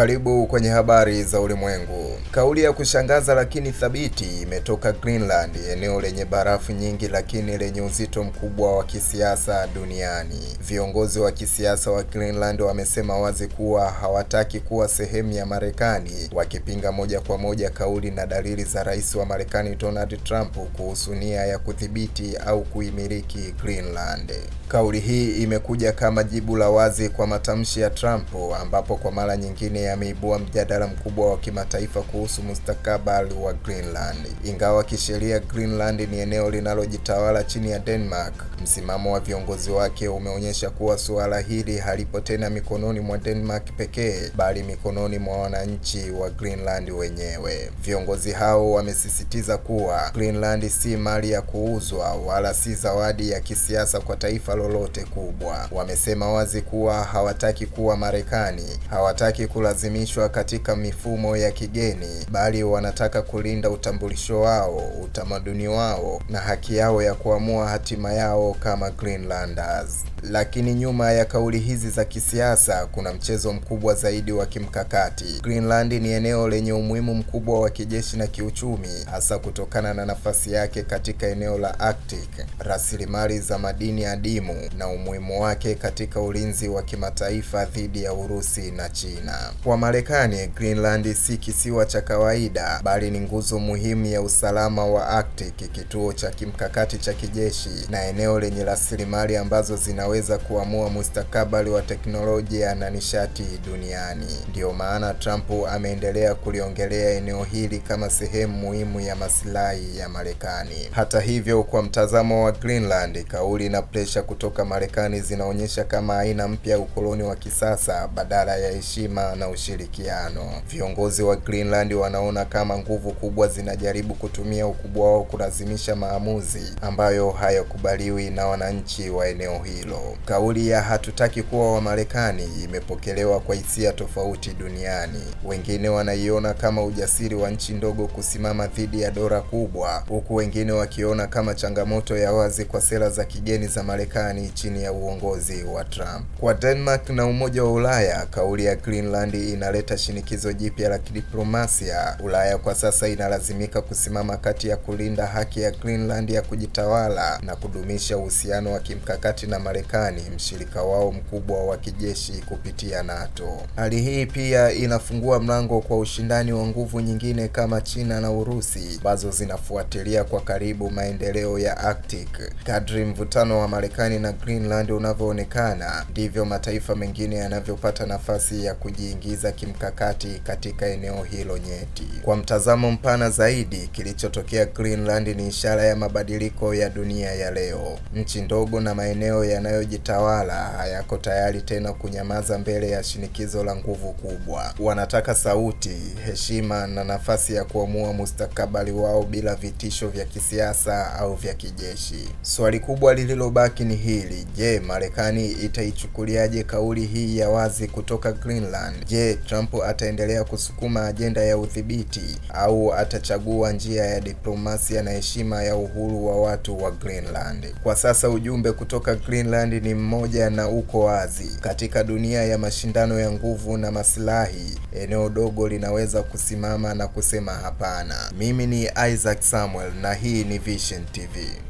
Karibu kwenye habari za ulimwengu. Kauli ya kushangaza lakini thabiti imetoka Greenland, eneo lenye barafu nyingi lakini lenye uzito mkubwa wa kisiasa duniani. Viongozi wa kisiasa wa Greenland wamesema wazi kuwa hawataki kuwa sehemu ya Marekani, wakipinga moja kwa moja kauli na dalili za Rais wa Marekani Donald Trump kuhusu nia ya kudhibiti au kuimiliki Greenland. Kauli hii imekuja kama jibu la wazi kwa matamshi ya Trump ambapo kwa mara nyingine ameibua mjadala mkubwa wa kimataifa kuhusu mustakabali wa Greenland. Ingawa kisheria Greenland ni eneo linalojitawala chini ya Denmark, msimamo wa viongozi wake umeonyesha kuwa suala hili halipo tena mikononi mwa Denmark pekee, bali mikononi mwa wananchi wa Greenland wenyewe. Viongozi hao wamesisitiza kuwa Greenland si mali ya kuuzwa wala si zawadi ya kisiasa kwa taifa lolote kubwa. Wamesema wazi kuwa hawataki kuwa Marekani, hawataki kula kulazimishwa katika mifumo ya kigeni, bali wanataka kulinda utambulisho wao, utamaduni wao na haki yao ya kuamua hatima yao kama Greenlanders. Lakini nyuma ya kauli hizi za kisiasa kuna mchezo mkubwa zaidi wa kimkakati. Greenland ni eneo lenye umuhimu mkubwa wa kijeshi na kiuchumi, hasa kutokana na nafasi yake katika eneo la Arctic, rasilimali za madini adimu na umuhimu wake katika ulinzi wa kimataifa dhidi ya Urusi na China. Kwa Marekani, Greenland si kisiwa cha kawaida, bali ni nguzo muhimu ya usalama wa Arctic, kituo cha kimkakati cha kijeshi na eneo lenye rasilimali ambazo zina anaweza kuamua mustakabali wa teknolojia na nishati duniani. Ndiyo maana Trump ameendelea kuliongelea eneo hili kama sehemu muhimu ya masilahi ya Marekani. Hata hivyo, kwa mtazamo wa Greenland, kauli na presha kutoka Marekani zinaonyesha kama aina mpya ukoloni wa kisasa badala ya heshima na ushirikiano. Viongozi wa Greenland wanaona kama nguvu kubwa zinajaribu kutumia ukubwa wao kulazimisha maamuzi ambayo hayakubaliwi na wananchi wa eneo hilo. Kauli ya hatutaki kuwa Wamarekani imepokelewa kwa hisia tofauti duniani. Wengine wanaiona kama ujasiri wa nchi ndogo kusimama dhidi ya dola kubwa, huku wengine wakiona kama changamoto ya wazi kwa sera za kigeni za Marekani chini ya uongozi wa Trump. Kwa Denmark na Umoja wa Ulaya, kauli ya Greenland inaleta shinikizo jipya la kidiplomasia. Ulaya kwa sasa inalazimika kusimama kati ya kulinda haki ya Greenland ya kujitawala na kudumisha uhusiano wa kimkakati na Marekani Marekani, mshirika wao mkubwa wa kijeshi kupitia NATO. Hali hii pia inafungua mlango kwa ushindani wa nguvu nyingine kama China na Urusi ambazo zinafuatilia kwa karibu maendeleo ya Arctic. Kadri mvutano wa Marekani na Greenland unavyoonekana, ndivyo mataifa mengine yanavyopata nafasi ya kujiingiza kimkakati katika eneo hilo nyeti. Kwa mtazamo mpana zaidi, kilichotokea Greenland ni ishara ya mabadiliko ya dunia ya leo. Nchi ndogo na maeneo yanayo yanayojitawala hayako tayari tena kunyamaza mbele ya shinikizo la nguvu kubwa. Wanataka sauti, heshima na nafasi ya kuamua mustakabali wao bila vitisho vya kisiasa au vya kijeshi. Swali kubwa lililobaki ni hili: je, Marekani itaichukuliaje kauli hii ya wazi kutoka Greenland? Je, Trump ataendelea kusukuma ajenda ya udhibiti au atachagua njia ya diplomasia na heshima ya uhuru wa watu wa Greenland? Kwa sasa ujumbe kutoka Greenland Thailand ni mmoja na uko wazi. Katika dunia ya mashindano ya nguvu na maslahi, eneo dogo linaweza kusimama na kusema hapana. Mimi ni Isaac Samuel na hii ni Vision TV.